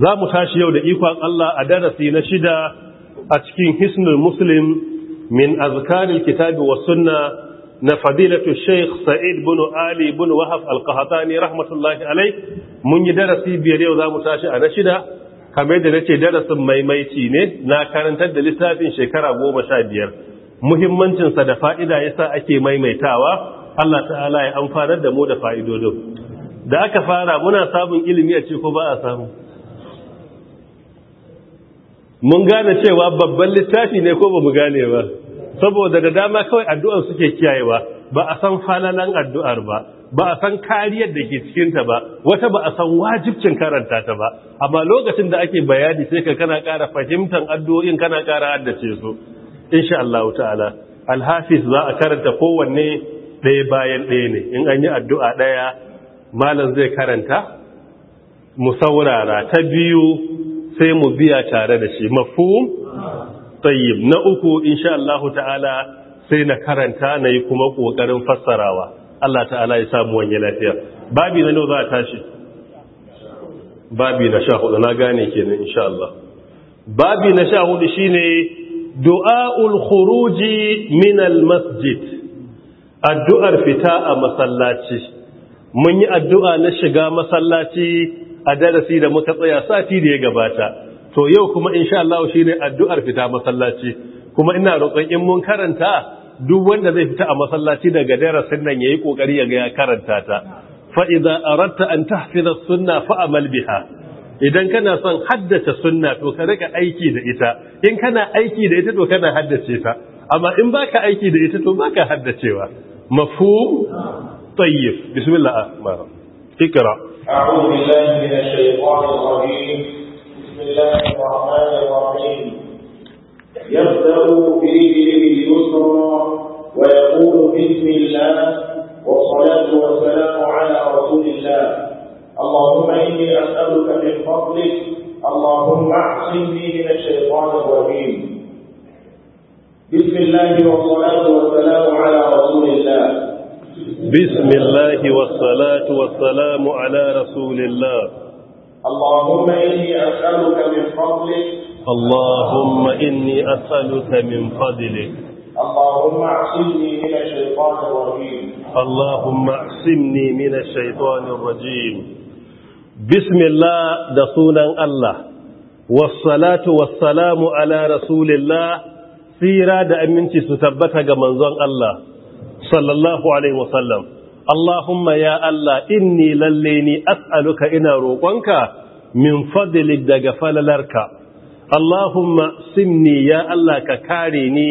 za mu tashi yau da ikon Allah a darasi na shida a cikin hisnul muslim min azkaril kitabi wa sunna na fadilatu sheikh sa'id bin ali bin wahab al-qahtani rahmatullahi alai. mun yi darasi biyar yau za mu tashi a na shida kamar da nace darasin maimaici ne na karantar da lissafin shekara goma sha biyar muhimmancinsa da fa'ida yasa ake maimaitawa Allah ta'ala ya amfanar da mu da fa'idodin da aka fara muna samun ilimi a ce ko ba a samu mun gane cewa babban littafi ne ko ba mu gane ba saboda da dama kawai addu'ar suke kiyayewa ba a san falalan addu'ar ba ba a san kariyar da ke cikinta ba wata ba a san wajibcin karanta ta ba amma lokacin da ake bayani sai ka kana ƙara fahimtar addu'o'in kana ƙara haddace su insha Allah ta'ala alhafiz za a karanta kowanne ɗaya bayan ɗaya ne in an yi addu'a ɗaya malam zai karanta mu saurara ta biyu sai mu biya tare da shi mafhum tayyib na uku insha Allah ta'ala sai na karanta na yi kuma kokarin fassarawa Allah ta'ala ya samu wani lafiya babi na nawa za a tashi babi na 14 na gane kenan insha Allah babi na 14 shine du'aul khuruji min al masjid addu'ar fita a masallaci mun yi addu'a na shiga masallaci a darasi da muka tsaya sati da ya gabata to yau kuma insha Allah ne addu'ar fita masallaci kuma ina roƙon in mun karanta duk wanda zai fita a masallaci daga darasin nan yayi kokari ya ga ya karanta ta fa idza aratta an tahfiz as-sunnah fa amal biha idan kana son haddace sunna to ka rika aiki da ita in kana aiki da ita to kana haddace ta amma in baka aiki da ita to baka haddacewa mafhum tayyib bismillah ikra أعوذ بالله من الشيطان الرجيم بسم الله الرحمن الرحيم يبدأ به اليسرى ويقول بسم الله والصلاة والسلام على رسول الله اللهم إني أسألك من فضلك اللهم أحسني من الشيطان الرجيم بسم الله والصلاة والسلام على رسول الله بسم الله والصلاة والسلام على رسول الله اللهم إني أسألك من فضلك اللهم إني أسألك من فضلك اللهم اعصمني من الشيطان الرجيم اللهم اعصمني من الشيطان الرجيم بسم الله دسونا الله والصلاة والسلام على رسول الله سيرا da aminci su tabbata ga manzon Allah sallallahu alaihi wasallam Allahumma ya Allah inni lalle ni as'aluka ina roƙonka min fadlik daga falalarka Allahumma simni ya Allah ka kare ni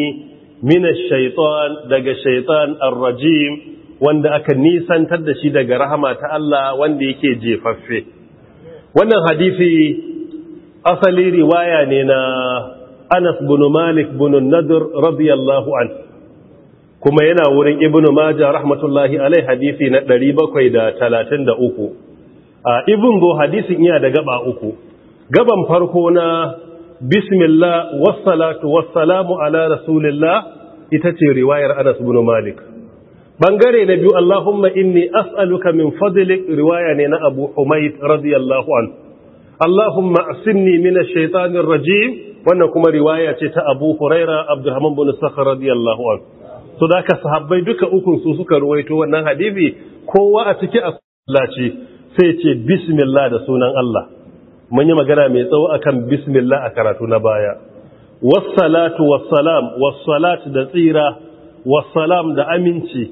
minash shaitan daga shaitan ar-rajim wanda aka nisantar da shi daga rahama ta Allah wanda yake jefaffe wannan hadisi asali riwaya ne na Anas bin Malik bin Nadir radiyallahu anhu kuma yana wurin ibnu majah rahmatullahi alai hadisi na 733 a ibn go hadisin iya da gaba uku gaban farko na bismillah wassalatu wassalamu ala rasulillah ita ce riwayar Anas ibn Malik bangare na biyu Allahumma inni as'aluka min fadlik riwaya ne na Abu Humayd radiyallahu anhu Allahumma asimni minash shaitanir rajim wannan kuma riwaya ce ta Abu Huraira Abdurrahman bin Sakhr radiyallahu anhu Su da ka sahabbai duka ukun su suka ruwaito wannan hadisi kowa a ciki a sallaci sai ce bismillah da sunan Allah mun yi magana mai tsawo akan bismillah a karatu na baya wassalatu wassalam wassalat da tsira wassalam da aminci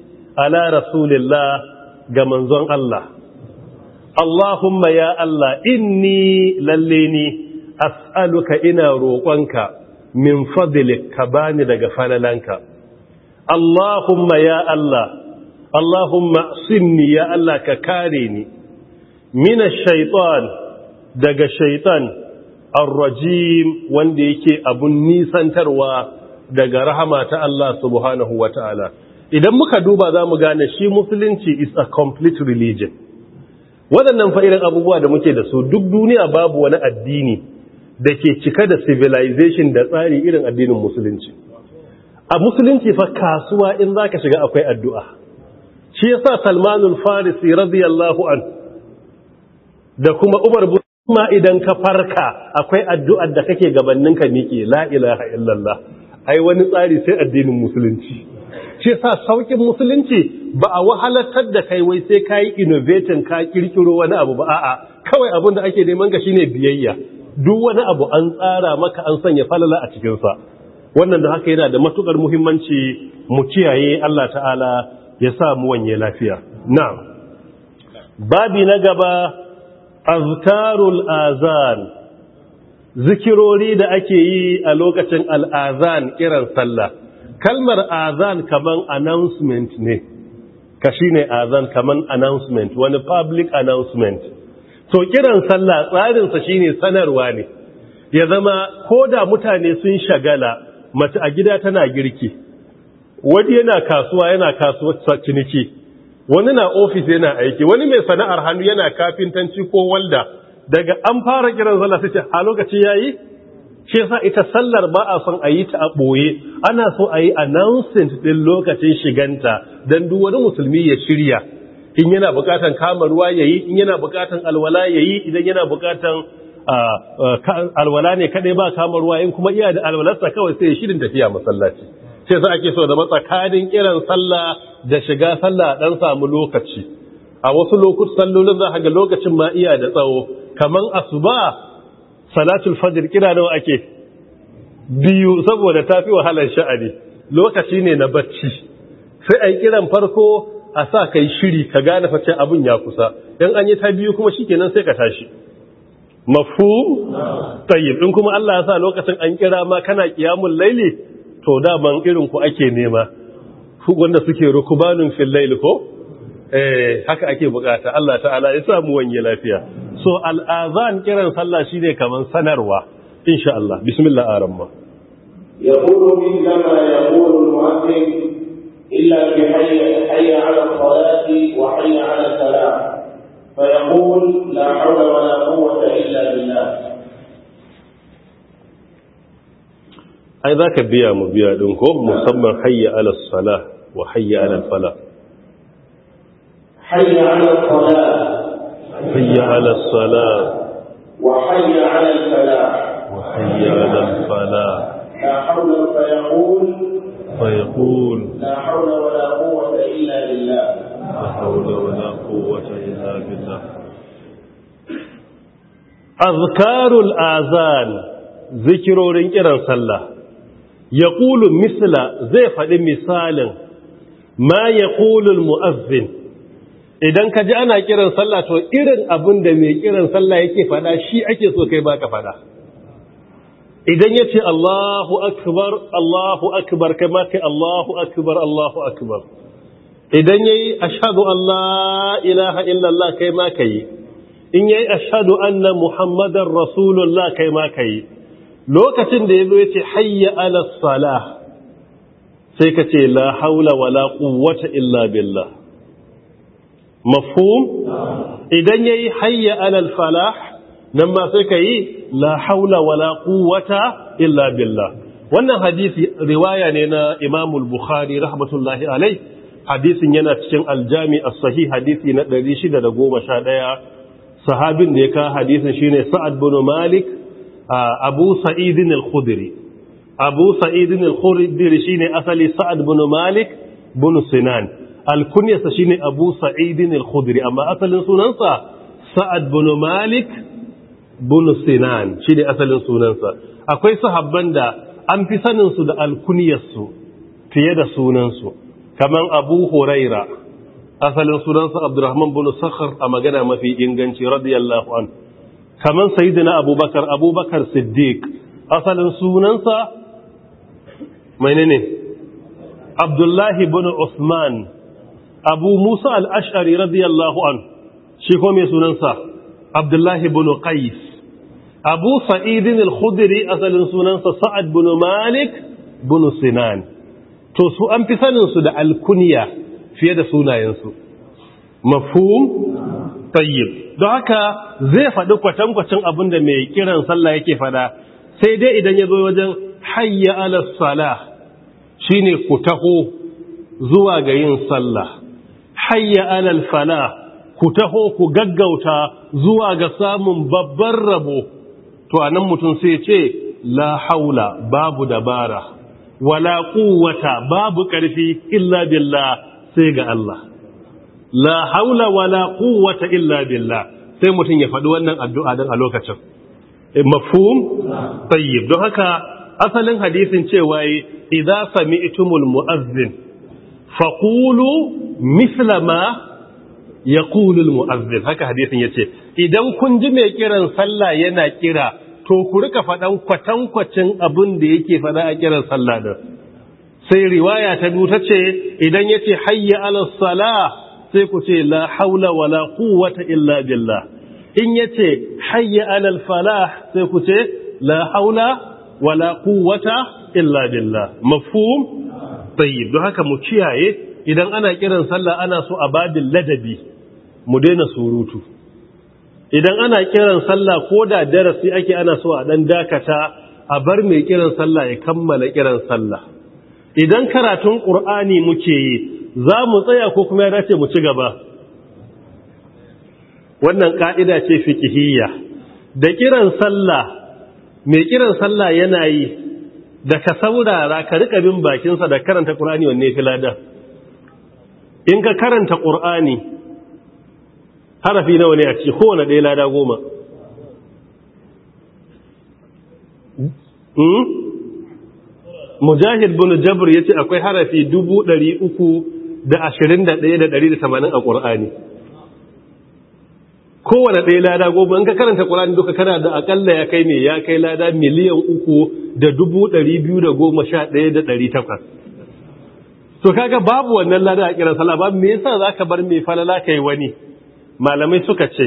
ala rasulillah ga manzon Allah Allahumma ya Allah inni lalle ni as'aluka ina roƙonka min fadlik ka bani daga falalanka Allahumma ya Allah Allahumma sinni ya Allah ka kare ni mina shaitan daga shaitan arrajim wanda yake abun nisantarwa daga rahama ta Allah subhanahu wa ta'ala idan muka duba za mu gane shi musulunci is a complete religion waɗannan fa'irin abubuwa da muke da su duk duniya babu wani addini da ke cika da civilization da tsari irin addinin musulunci a musulunci fa kasuwa in za ka shiga akwai addu'a shi ya sa salmanul farisi radiyallahu an da kuma umar ma idan ka farka akwai addu'ar da kake gabanin ka miƙe la'ilaha illallah ai wani tsari sai addinin musulunci shi ya sa sauƙin musulunci ba a wahalatar da kai wai sai ka yi inovetin ka ƙirƙiro wani abu ba a'a kawai abin da ake neman ka shine biyayya duk wani abu an tsara maka an sanya falala a cikinsa wannan da haka yana da matukar muhimmanci mu kiyaye Allah ta'ala ya sa mu wanye lafiya na'am babi na gaba azkarul azan zikirori da ake yi a lokacin al'azan kiran sallah kalmar azan kaman announcement ne ka shine azan kaman announcement wani public announcement to kiran sallah tsarinsa shine sanarwa ne ya zama ko da mutane sun shagala mace a gida tana girki wani yana kasuwa yana kasuwa ciniki wani na ofis yana aiki wani mai sana'ar hannu yana kafintanci ko walda daga an fara kiran sallah sai ce a lokaci yayi shi yasa ita sallar ba a son a yi ta a ɓoye ana so a yi announcement ɗin lokacin shiganta dan duk wani musulmi ya shirya in yana bukatan kama ruwa yayi in yana bukatan alwala yayi idan yana bukatan alwala ne kadai ba kamarwa ruwa in kuma iya da alwalarsa kawai sai shirin tafiya masallaci sai a ke so da matsakanin kiran sallah da shiga sallah dan samu lokaci a wasu lokutan sallolin za ga lokacin ma iya da tsawo kaman asuba salatul fajr kira nawa ake biyu saboda tafi wahalar sha'ani lokaci ne na bacci sai ai kiran farko a sa kai shiri ka gane fa abun ya kusa dan an yi ta biyu kuma shi shikenan sai ka tashi mafu tayyib in kuma Allah ya sa lokacin an kira ma kana qiyamul laili to da ban irin ku ake nema ku wanda suke rukubanun fil laili ko eh haka ake bukata Allah ta'ala ya samu wani lafiya so al'azan kiran sallah shine kaman sanarwa insha Allah bismillah aramma yaqulu min kama yaqulu al illa bi hayya hayya 'ala salati wa hayya 'ala salam فيقول لا حول ولا قوة إلا بالله أي ذاك بيا مبيا دنكو نعم. مصمم حي على الصلاة وحي على نعم. الفلاح حي على الصلاة حي على الصلاة وحي على الفلاح وحي على الفلاح لا حول فيقول فيقول لا حول ولا قوة إلا بالله Azkarul حول ولا قوة إلا بالله أذكار الآذان faɗi misalin صلى يقول مثل مثال ما يقول المؤذن idan kaji ana kiran sallah to irin abin da mai kiran sallah yake fada shi ake so kai baka fada idan yace ce Allahu akbar Allahu akbar kai ma kai Allahu akbar Allahu akbar idan yayi ashadu Allah ilaha illallah kai ma kai in yayi ashadu anna muhammadar rasulullah kai ma kai lokacin da yazo yace hayya ala salah sai ka ce la haula wala quwwata illa billah mafhum idan yayi hayya ala falah nan ma sai yi la haula wala quwwata illa billah wannan hadisi riwaya ne na Imamul bukhari rahmatullahi alai. hadisin yana cikin aljami a sahih hadisi na 611 sahabin da ya ka hadisin shine sa'ad bin malik abu sa'idin al-khudri abu sa'idin al-khudri shine asali sa'ad bin malik bin sinan alkunyarsa shine abu sa'idin al-khudri amma asalin sunansa sa'ad bin malik bin sinan shine asalin sunansa akwai sahabban da an fi saninsu da alkunyarsu fiye da sunansu kaman abu huraira asalin sunansa abdurrahman bin sakhar a magana mafi inganci radiyallahu an kaman sayyidina abubakar abubakar siddiq asalin sunansa mai menene abdullahi bin usman abu musa al-ash'ari radiyallahu an shi ko me sunansa abdullahi bin qais abu sa'id al-khudri asalin sunansa sa'ad bin malik bin sinan to su an fi saninsu da alkuniya fiye da sunayensu mafhum tayyib don haka zai faɗi kwatankwacin abin da mai kiran sallah yake fada sai dai idan ya zo wajen hayya ala salah shine ku taho zuwa ga yin sallah hayya ala falah ku taho ku gaggauta zuwa ga samun babbar rabo to anan mutum sai ce la haula babu dabara wala quwwata babu ƙarfi illa billah sai ga Allah la haula wala quwwata illa billah sai mutum ya faɗi wannan addu'a dan a lokacin eh, mafhum tayyib don haka asalin hadisin cewa idza sami'tumul mu'azzin faqulu misla ma ya mu'azzin haka hadisin ya ce idan kun ji mai kiran sallah yana kira to ku rika faɗan kwatankwacin abin da yake faɗa a kiran sallah da sai riwaya ta biyu ta ce idan ya ce hayya ala salah sai ku ce la haula wala quwwata illa billah in yace ce hayya ala sai ku ce la haula wala quwwata illa billah mafhum tayyib don haka mu kiyaye idan ana kiran sallah ana so a badin ladabi mu daina surutu idan ana kiran sallah ko da darasi ake ana so a dan dakata a bar mai kiran sallah ya kammala kiran sallah idan karatun qur'ani muke yi za mu tsaya ko kuma ya dace mu ci gaba wannan ka'ida ce fiqhiyya da kiran sallah mai kiran sallah yana yi da ka saurara ka rika bin bakinsa da karanta qur'ani wanne filada in ka karanta qur'ani harafi nawa ne a ciki kowane ɗaya lada goma hmm? mujahid bin jabir ya ce akwai harafi dubu ɗari uku da ashirin da ɗaya da ɗari da tamanin a ƙwar'ani kowane ɗaya lada goma in ka karanta ƙwar'ani duka kana da aƙalla ya kai ne ya kai lada miliyan uku da dubu ɗari biyu da goma sha ɗaya da ɗari takwas to kaga babu wannan lada a kiran sallah ba me yasa zaka bar mai falala kai wani malamai suka ce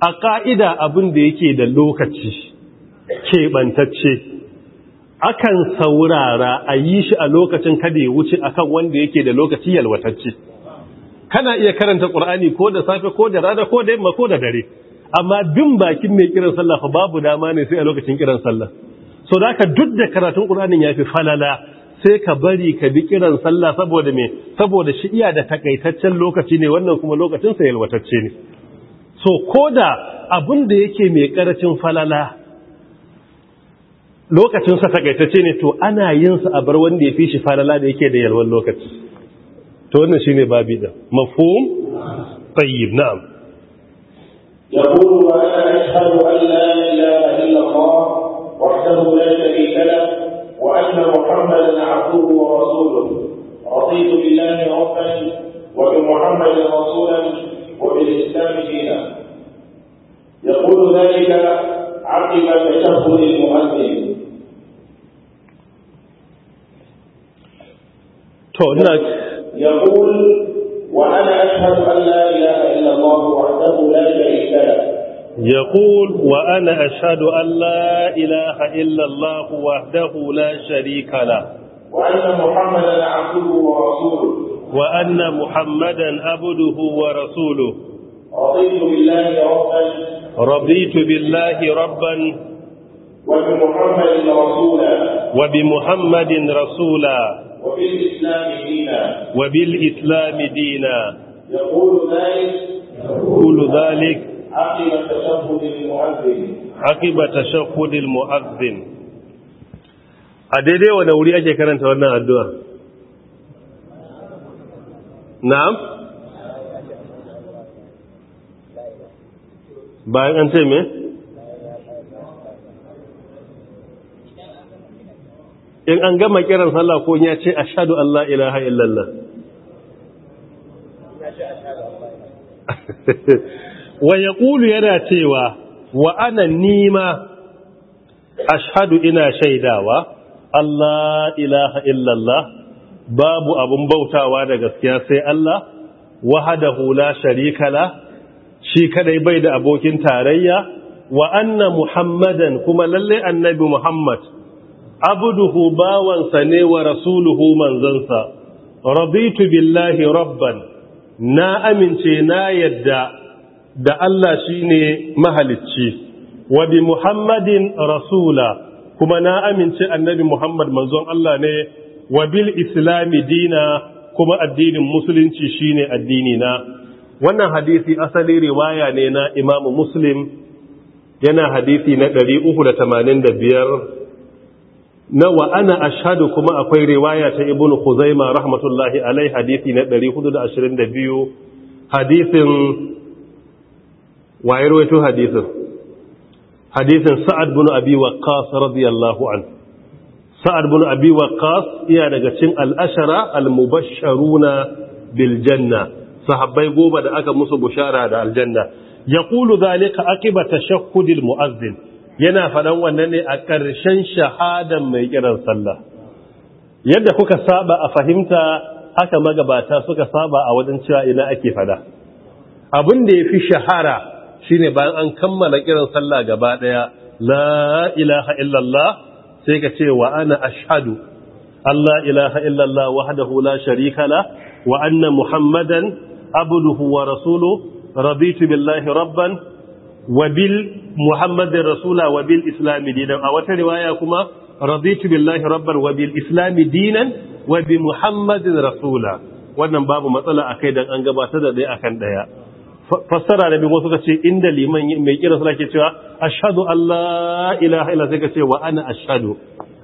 a ƙa'ida abin da yake da lokaci keɓantacce akan saurara a yi shi a lokacin kada ya wuce a kan wanda yake da lokaci yalwatacce kana iya karanta ƙur'ani ko da safe ko da rana ko da yamma ko da dare amma bin bakin mai kiran sallah fa babu dama ne sai a lokacin kiran sallah so da haka duk da karatun ƙur'anin ya fi falala sai ka bari ka bi kiran sallah saboda me saboda shi iya da takaitaccen lokaci ne wannan kuma lokacin sa yalwatacce ne so koda abin da yake mai karacin falala lokacin sa takaitacce ne to ana yin sa a bar wanda ya fi shi falala da yake da yalwan lokaci to wannan shine babi da mafhum tayyib na'am يقول وأنا أشهد أن لا إله إلا الله وحده لا شريك له وأن محمدا عبده ورسوله رضيت بالله ربا وبمحمد رسولا وبالإسلام دينا يقول ذلك عقب تشهد المؤذن نعم. يقول وأنا أشهد أن لا إله إلا الله وحده لا شريك له يقول وأنا أشهد أن لا إله إلا الله وحده لا شريك له وأن محمدا عبده ورسوله وأن محمدا عبده ورسوله رضيت بالله ربا رضيت بالله ربا وبمحمد رسولا وبمحمد رسولا وبالإسلام دينا وبالإسلام دينا يقول ذلك يقول ذلك عقب تشهد المؤذن عقب وانا وري a daidai wuri ake karanta wannan addu'a na'am bayan an ce in an gama kiran sallah ko ya ce ashadu Allah ilaha illallah wa ya ƙulu yana cewa wa nima ashadu ina shaidawa Allah ilaha illallah babu abin bautawa da gaskiya sai Allah wahadahu la sharikala shi kadai bai da abokin tarayya wa anna muhammadan kuma lalle annabi muhammad abduhu bawansa ne wa rasuluhu manzansa rabitu billahi rabban na amince na yadda da Allah shine mahalicci wa bi Muhammadin rasula kuma na amince annabi Muhammad manzon Allah ne wa bil islami dina kuma addinin musulunci shine ne addinina. wannan hadisi asali riwaya ne na Imam Muslim yana hadisi na 385 na wa ana ashadu kuma akwai riwaya ta Ibn Khuzaimah rahmatullahi alai hadisi na 422 hadisin waye rawaito hadisin hadisin sa'ad bin abi waqqas radiyallahu an sa'ad bin abi waqqas iya daga cikin al-ashara al-mubashsharuna bil janna sahabbai goma da aka musu bushara da aljanna yaqulu zalika aqiba tashakkudil muazzin yana fadan wannan ne a ƙarshen shahadan mai kiran sallah yadda kuka saba a fahimta haka magabata suka saba a wajen cewa ina ake fada abin da yafi shahara shine bayan an kammala kiran sallah gaba ɗaya. la ilaha illallah sai ka ce wa ana ashhadu Allah ilaha illallah wahdahu la sharika la wa anna muhammadan abduhu wa rasulu raditu billahi rabban wa bil muhammadin rasula wa bil islami dinan a wata riwaya kuma raditu billahi rabban wa bil islami dinan wa bi muhammadin rasula wannan babu matsala akai dan an gabatar da dai akan daya fassara da biyu suka ce inda liman mai kira sala ke cewa ashhadu alla ilaha illa sai ka ce wa ana ashhadu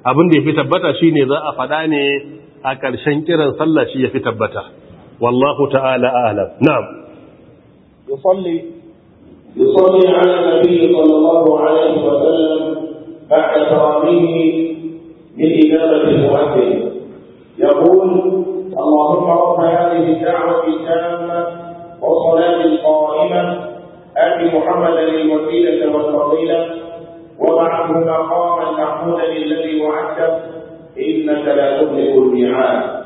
abin da yafi tabbata shine za a fada ne a karshen kiran sallah shi yafi tabbata wallahu ta'ala alam na'am yusalli yusalli ala nabi sallallahu alaihi wa sallam ba'da tarawih min ibadati mu'adhdhin yaqul اللهم رب هذه الدعوه التامه والصلاة القائمة آت محمدا الوسيلة والفضيلة وبعده مقاما محمودا الذي وعدته إنك لا تملك الميعاد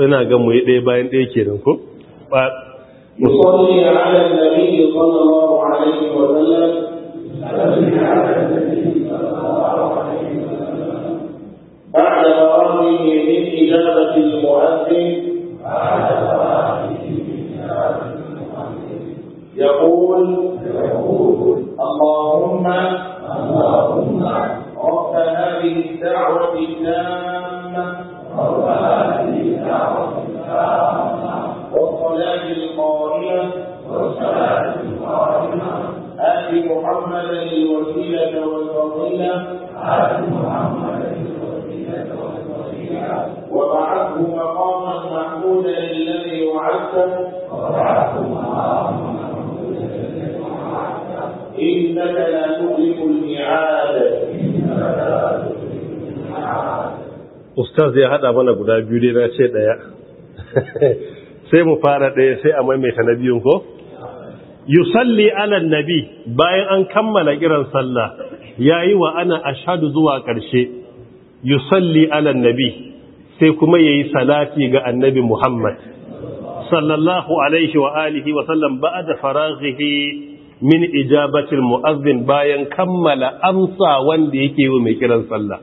ina ga mu yi ɗaya bayan ɗaya kenan ko يصلي على النبي صلى الله عليه وسلم بعد فراغه من إجابة المؤذن محمد الوسيلة والفضيلة عبد محمد وبعثه مقاما محمودا للذي وعدته وبعثه مقاما انك لا تؤلف الميعاد Ustaz ya hada mana guda biyu dai na ce daya sai mu fara daya sai a maimaita na biyun ko? yusalli ala nabi bayan an kammala kiran sallah yayi wa ana ashhadu zuwa karshe yusalli ala nabi sai kuma yayi salati ga annabi Muhammad sallallahu alaihi wa alihi wa sallam ba'da faraghihi min ijabatil mu'azzin bayan kammala amsa wanda yake yi mai kiran sallah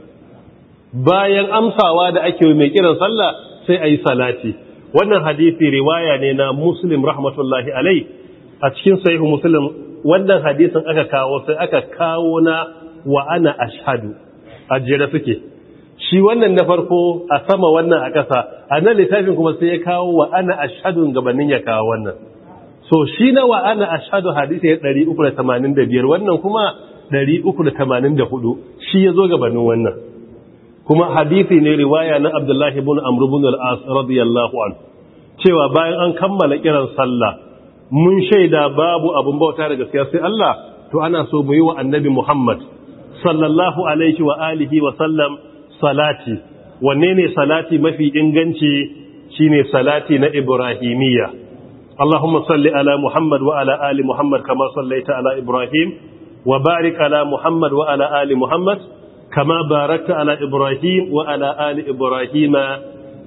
bayan amsawa da ake yi mai kiran sallah sai ayi salati wannan hadisi riwaya ne na Muslim rahmatullahi alaihi a cikin sahihu muslim wannan hadisin aka kawo sai aka kawo na wa ana ashhadu a jere suke shi wannan na farko a sama wannan a ƙasa a nan littafin kuma sai ya kawo wa ana ashhadun gabanin ya kawo wannan so shi na wa ana ashhadu hadisi 385 wannan kuma 384 shi ya zo gabanin wannan kuma hadisi ne riwaya na abdullahi ibn amr ibn al-as radiyallahu anhu cewa bayan an kammala kiran sallah mun shaida babu abun bauta da gaskiya sai Allah to ana so mu yi wa annabi Muhammad sallallahu alaihi wa alihi wa sallam salati wanne ne salati mafi inganci shine salati na ibrahimiya Allahumma salli ala Muhammad wa ala ali Muhammad kama sallaita ala Ibrahim wa barik ala Muhammad wa ala ali Muhammad kama barakta ala Ibrahim wa ala ali Ibrahim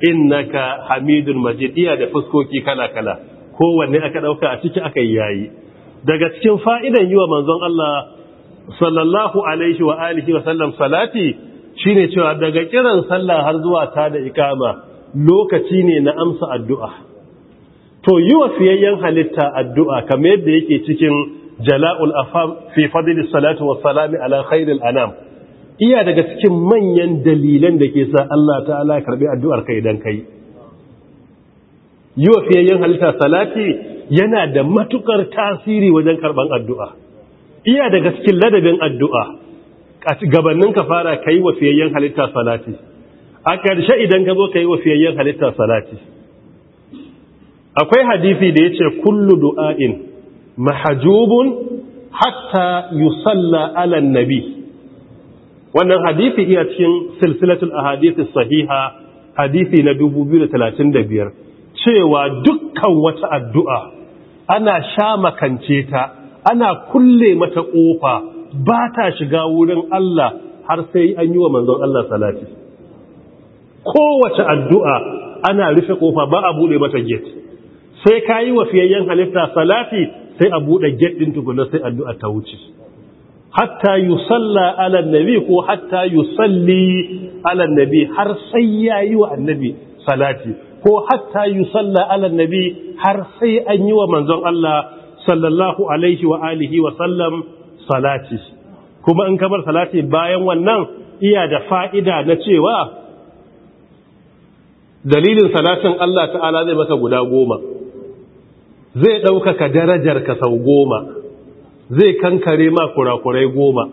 innaka Hamidul Majid iya da fuskoki kala kala kowanne aka ɗauka a ciki aka yi yayi daga cikin fa'idan yi wa manzon Allah sallallahu alaihi wa alihi wa sallam salati shine cewa daga kiran sallah har zuwa ta da ikama lokaci ne na amsa addu'a to yi wa fiyayyen halitta addu'a kamar yadda yake cikin jala'ul afam fi salatu wa ala anam iya daga cikin manyan dalilan da ke sa Allah ta'ala karbi addu'ar kai dan kai yi wa fiyayyen halitta salati yana da matukar tasiri wajen karban addu'a iya daga cikin ladabin addu'a a gabanin ka fara ka yi wa fiyayyen halitta salati a ƙarshe idan ka zo ka yi wa fiyayyen halitta salati akwai hadisi da ya ce kullu du'a'in mahajubun hatta yusalla alan nabi wannan hadisi iya cikin silsilatul ahadithis sahiha hadisi na da talatin biyar. cewa dukkan wata addu'a ana sha makance ta ana kulle mata ƙofa ba ta shiga wurin Allah har sai an yi wa manzon Allah salati kowace addu'a ana rufe ƙofa ba a buɗe mata get sai ka yi wa fiyayyen halitta salati sai a buɗe get ɗin tukuna sai addu'a ta wuce hatta yi salla alan nabi ko hatta yi salli alan nabi har sai ya yi wa annabi salati ko hatta salla ala nabi har sai an yi wa manzon Allah sallallahu alaihi wa alihi wa sallam salati kuma in kamar salati bayan wannan iya da fa'ida na cewa dalilin salatin Allah ta'ala zai maka guda goma zai ɗaukaka darajarka sau goma zai kankare ma kurakurai goma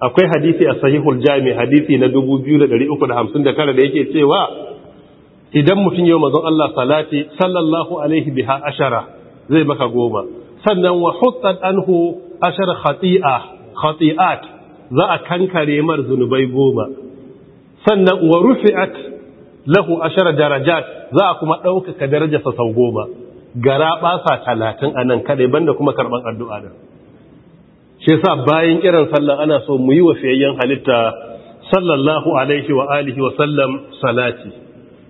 akwai hadisi a sahihul jami hadisi na 2359 da yake cewa idan mutum yau mazan Allah salati sallallahu alaihi biha ashara zai maka goma sannan wa hutsan anhu ashar khati'a khati'at za a kankare mar zunubai goma sannan wa rufi'at lahu ashar darajat za a kuma ɗaukaka darajarsa sau goma gara ɓasa talatin a nan kaɗai banda kuma karɓar addu'a da shi sa bayan kiran sallan ana so mu yi wa fiyayyen halitta sallallahu alaihi wa alihi wa sallam salati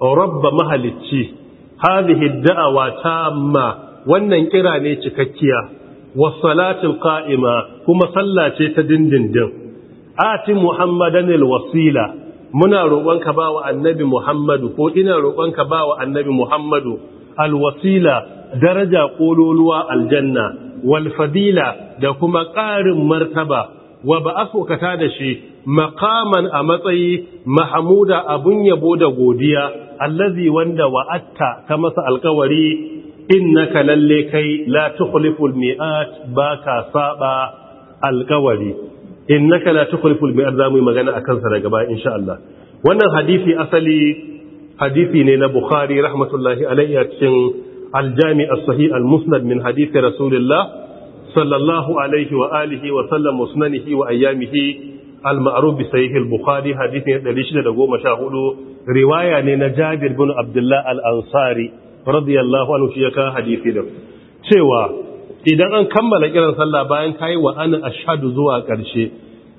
rabba mahalicci hadhihi da'awa tamma wannan kira ne cikakkiya wasalatul qa'ima kuma sallace ta dindindin ati muhammadan alwasila muna roƙonka bawa annabi muhammadu ko ina roƙonka bawa annabi muhammadu alwasila daraja kololuwa aljanna wal fadila da kuma ƙarin martaba wa ba'afu ka da shi Maƙaman a matsayi mahmuda abun yabo da godiya allazi wanda wa'atta ta masa alkawari innaka lalle kai la tukhliful mi'at baka saba alkawari innaka la tukhliful mi'at zamu yi magana akan sa daga baya insha Allah wannan hadisi asali hadisi ne na Bukhari rahmatullahi alayhi a cikin aljami as-sahih al-musnad min hadisi Rasulullah sallallahu alaihi wa alihi wa sallam musnanihi wa ayyamihi al-ma'ruf bi sahih al-bukhari hadisi 614 riwaya ne na Jabir bin Abdullah al-Ansari radiyallahu anhu shi ka hadisi da cewa idan an kammala kiran sallah bayan kai wa ana ashhadu zuwa karshe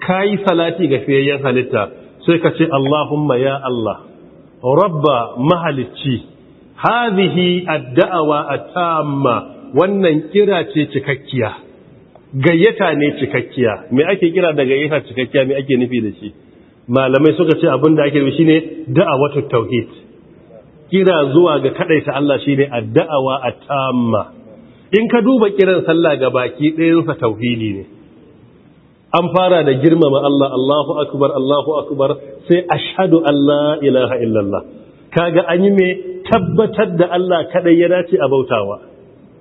kai salati ga fiyayen halitta sai ka ce Allahumma ya Allah rabba mahalicci hadhihi ad-da'wa at-tamma wannan kira ce cikakkiya gayyata ne cikakkiya me ake kira da gayyata cikakkiya me ake nufi da shi malamai suka ce abin da ake nufi shine da'awatut tauhid kira zuwa ga kadaita Allah shine a daawa at-tamma in ka duba kiran sallah ga baki ɗayan sa tauhidi ne an fara da girmama Allah Allahu akbar Allahu akbar sai ashhadu an la ilaha illallah kaga an yi me tabbatar da Allah kadai ya dace a bautawa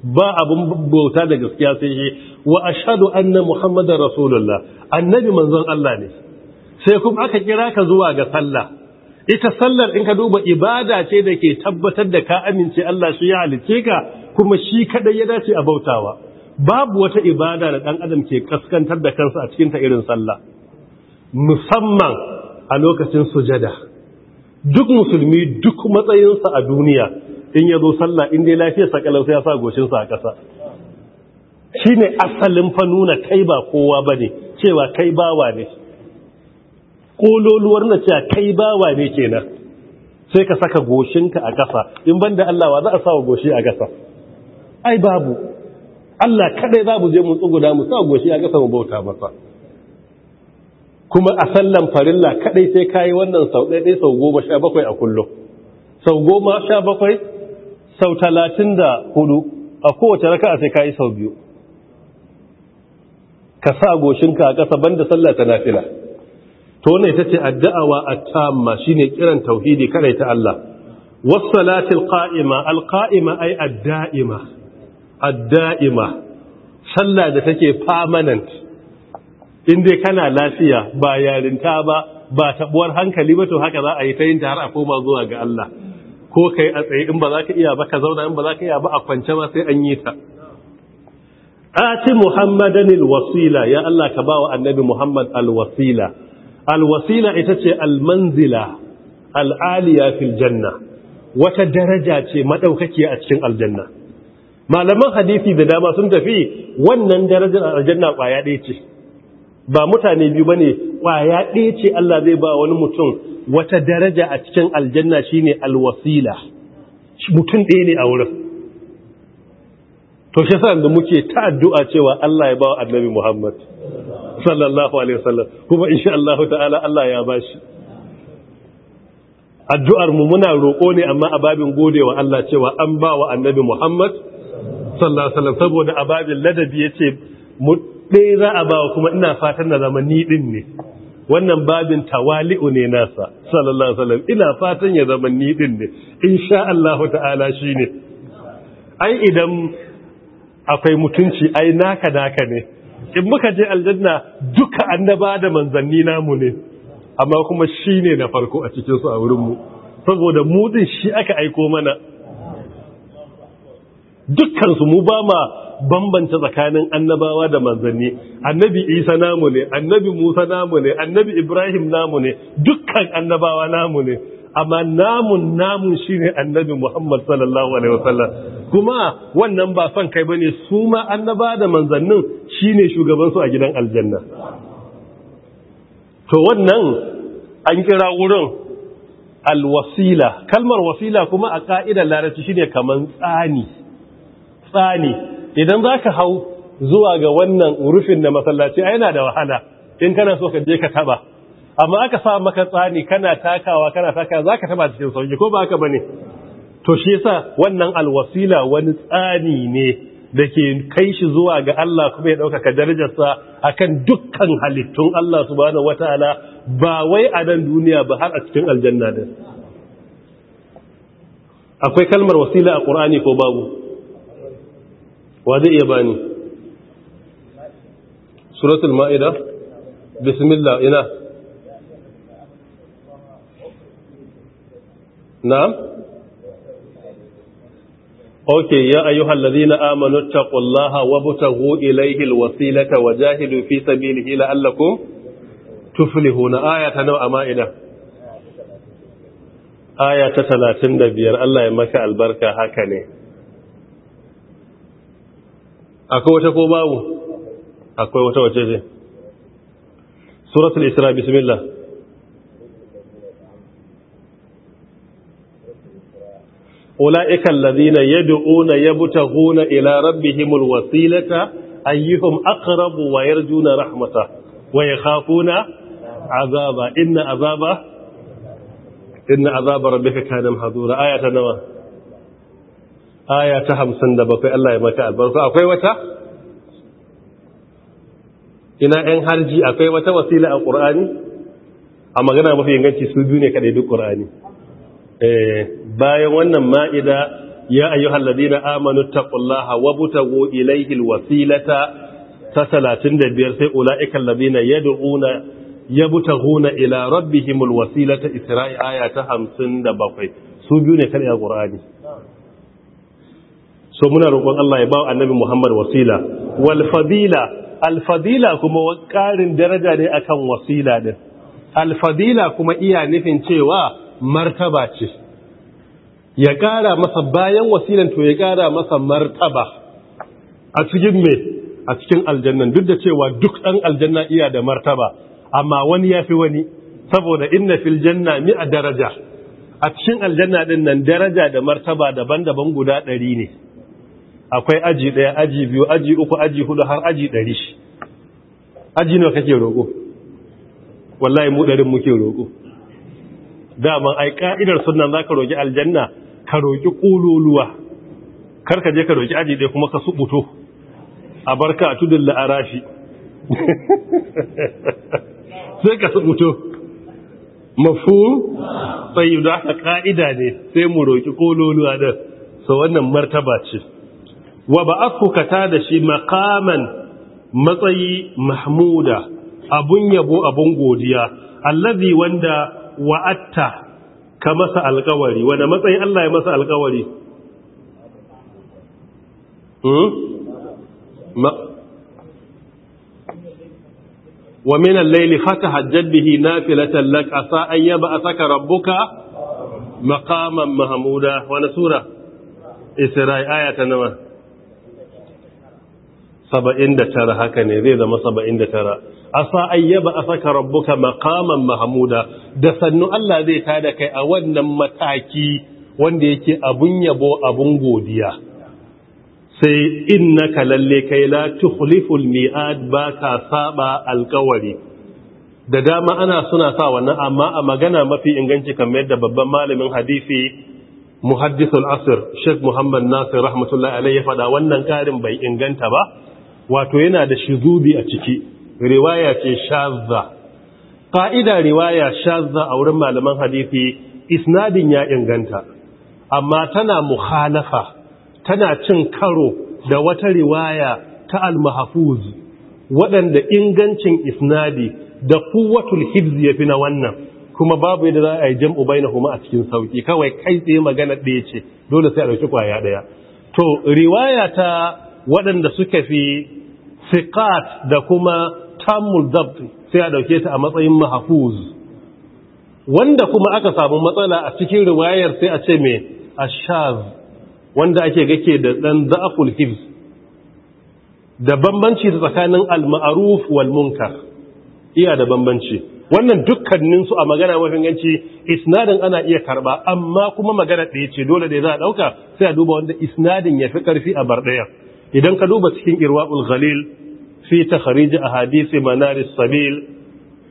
ba abun bauta da gaskiya sai shi wa ashhadu anna muhammadar rasulullah annabi manzon Allah ne sai kuma aka kira ka zuwa ga sallah ita sallar in ka duba ibada ce da ke tabbatar da ka amince Allah shi ya halice ka kuma shi kadai ya dace a bautawa babu wata ibada da dan adam ke kaskantar da kansa a cikin ta irin sallah musamman a lokacin sujada duk musulmi duk matsayinsa a duniya in ya zo sallah in dai lafiyar sakalau sai ya sa goshinsa a ƙasa shi ne asalin fa nuna kai ba kowa ba ne cewa kai bawa ne ƙololuwar na cewa kai bawa ne kenan sai ka saka goshinka a ƙasa in ban da Allah wa za a sawa goshi a ƙasa ai babu Allah kadai za mu je mu tsuguda mu sa goshi a ƙasa mu bauta masa kuma a sallan farilla kaɗai sai kayi wannan sau ɗaiɗai, sau goma sha bakwai a kullum sau goma sha bakwai sau talatin da hudu a kowace raka'a sai ka yi sau biyu ka sa goshinka a ƙasa banda sallah ta nafila to ne ta ce addu'awa a tamma shine kiran tauhidi kanai ta Allah Wasu salati al-qa'ima ai ay daima sallah da take permanent in dai kana lafiya ba yarinta ba ba tabuwar hankali ba to haka za a yi ta yin ta har a koma zuwa ga Allah ko kai a tsaye in ba za ka iya ba ka zauna in ba za ka iya ba a kwance ma sai an yi ta ati muhammadan alwasila ya Allah ka bawa annabi muhammad alwasila alwasila ita ce almanzila al'aliya fil janna wata daraja ce madaukaki a cikin aljanna malaman hadisi da dama sun tafi wannan darajar aljanna kwaya ɗaya ce ba mutane biyu bane kwaya ɗaya ce Allah zai ba wani mutum wata daraja a cikin aljanna shine alwasila mutum ɗaya ne a wurin to shi sa da muke ta addu'a cewa Allah ya ba wa annabi Muhammad sallallahu alaihi wasallam kuma insha Allah ta'ala Allah ya bashi addu'ar mu muna roƙo ne amma a babin godewa Allah cewa an ba wa annabi Muhammad sallallahu alaihi wasallam saboda ababin ladabi yace mu ɗaya za a ba kuma ina fatan da zama din ne wannan babin tawali'u ne nasa sallallahu alaihi wasallam ina fatan ya zama ni din ne insha Allah ta'ala shine ai idan akwai mutunci ai naka naka ne in muka je aljanna duka annaba da manzanni namu ne amma kuma shine na farko a cikin su a wurin mu saboda mu din shi aka aiko mana dukkansu mu ba ma bambanta tsakanin annabawa da manzanni annabi isa namu ne annabi musa namu ne annabi ibrahim namu ne dukkan annabawa namu ne amma namun namun shine annabi muhammad sallallahu alaihi wasallam kuma wannan ba son kai bane su ma annaba da manzannin shine shugaban su a gidan aljanna to wannan an kira wurin alwasila kalmar wasila kuma a ka'idar larabci shine kamar tsani tsani idan za ka hau zuwa ga wannan rufin da masallaci a yana da wahala in kana so ka je ka taba amma aka sa maka tsani kana takawa kana takawa za ka taba cikin sauki ko ba haka ba ne to shi yasa wannan alwasila wani tsani ne da ke kai shi zuwa ga Allah kuma ya ɗaukaka darajarsa a kan dukkan halittun Allah su wata wataala ba wai a nan duniya ba har a cikin aljanna din akwai kalmar wasila a ƙur'ani ko babu wa zai iya bani suratul ma'ida bismillah ina na'am اوكي يا ايها الذين امنوا اتقوا الله وابتغوا اليه الوسيله وجاهدوا في سبيله لعلكم تفلحون ايه نوع مائده aya ta talatin da biyar Allah ya maka albarka haka ne akwai wata ko babu akwai wata wace ce suratul isra bismillah ulaika alladhina yad'una yabtaghuna ila rabbihimul wasilata ayyuhum aqrabu wa yarjuna rahmata wa yakhafuna azaba inna azaba inna azaba rabbika kana mahdura ayatan nawa aya ta hamsin da bakwai Allah ya mata albarka akwai wata? ina ‘yan harji akwai wata wasila a ƙur'ani? a magana mafi inganci su biyu ne kaɗai duk ƙur'ani eh, bayan wannan ma'ida ya ayyu hallabi na amanu taƙullaha wabuta go ilaihil wasilata ta talatin da biyar sai ula'ikan una ya buta huna ila rabbihimul wasilata isra'i aya ta hamsin da bakwai su biyu ne kaɗai a ƙur'ani so muna roƙon Allah ya ba annabi Muhammad wasila wal fadila al fadila kuma ƙarin daraja ne akan wasila din al fadila kuma iya nufin cewa martaba ce ya ƙara masa bayan wasilan to ya ƙara masa martaba a cikin me a cikin aljannan duk da cewa duk ɗan aljanna iya da martaba amma wani ya fi wani saboda inna fil janna mi'a daraja a cikin aljanna din nan daraja da martaba daban-daban guda ɗari ne akwai aji ɗaya aji biyu aji uku aji hudu har aji ɗari aji nawa kake roƙo wallahi mu ɗarin muke roƙo daman ai ka'idar sunan za ka roƙi aljanna ka roƙi ƙololuwa kar ka je ka roƙi aji ɗaya kuma ka suɓuto a barka a tudun la'arashi sai ka suɓuto mafu tsayi da haka ka'ida ne sai mu roƙi ƙololuwa da so wannan martaba ce wa ba'athu da shi maqaman matsayi mahmuda abun yabo abun godiya allazi wanda wa'atta ka masa alƙawari wanda matsayi Allah ya masa alƙawari hmm wa min al-layli fatahajjad bihi nafilatan lak asa an yab'athaka rabbuka maqaman mahmuda wa sura isra'i ayatan nawa saba'in da tara haka ne zai zama saba'in da tara a sa'ayyaba a saka rabbuka makaman mahamuda da sannu Allah zai tada kai a wannan mataki wanda yake abun yabo abun godiya sai innaka lalle kai la tukhliful mi'ad ba ka saba alkawari da dama ana suna sa wannan amma a magana mafi inganci kamar yadda babban malamin hadisi muhaddisul asr Sheikh Muhammad Nasir rahmatullahi alayhi faɗa wannan karin bai inganta ba wato yana da shizubi a ciki riwaya ce shazza Fa'ida riwaya shazza a wurin malaman hadisi isnadin ya inganta amma tana mukhalafa tana cin karo da wata riwaya ta al-mahfuz waɗanda ingancin isnadi da kuwatul hifz yafi na wannan kuma babu yadda za a yi jam'u bainahuma a cikin sauki kawai kai tsaye magana ɗaya ce dole sai a dauki kwaya ɗaya to riwaya ta waɗanda suka fi siqat da kuma tamul dabt sai a dauke ta a matsayin mahfuz wanda kuma aka samu matsala a cikin riwayar sai a ce me ashaz wanda ake gake da dan za'ful hifz da bambanci tsakanin al-ma'ruf wal munkar iya da bambanci wannan dukkanin su a magana mafi ganci isnadin ana iya karba amma kuma magana ɗaya ce dole da za a dauka sai a duba wanda isnadin ya fi karfi a bar ɗaya idan ka duba cikin irwaul ghalil fi takhrij ahadith manar sabil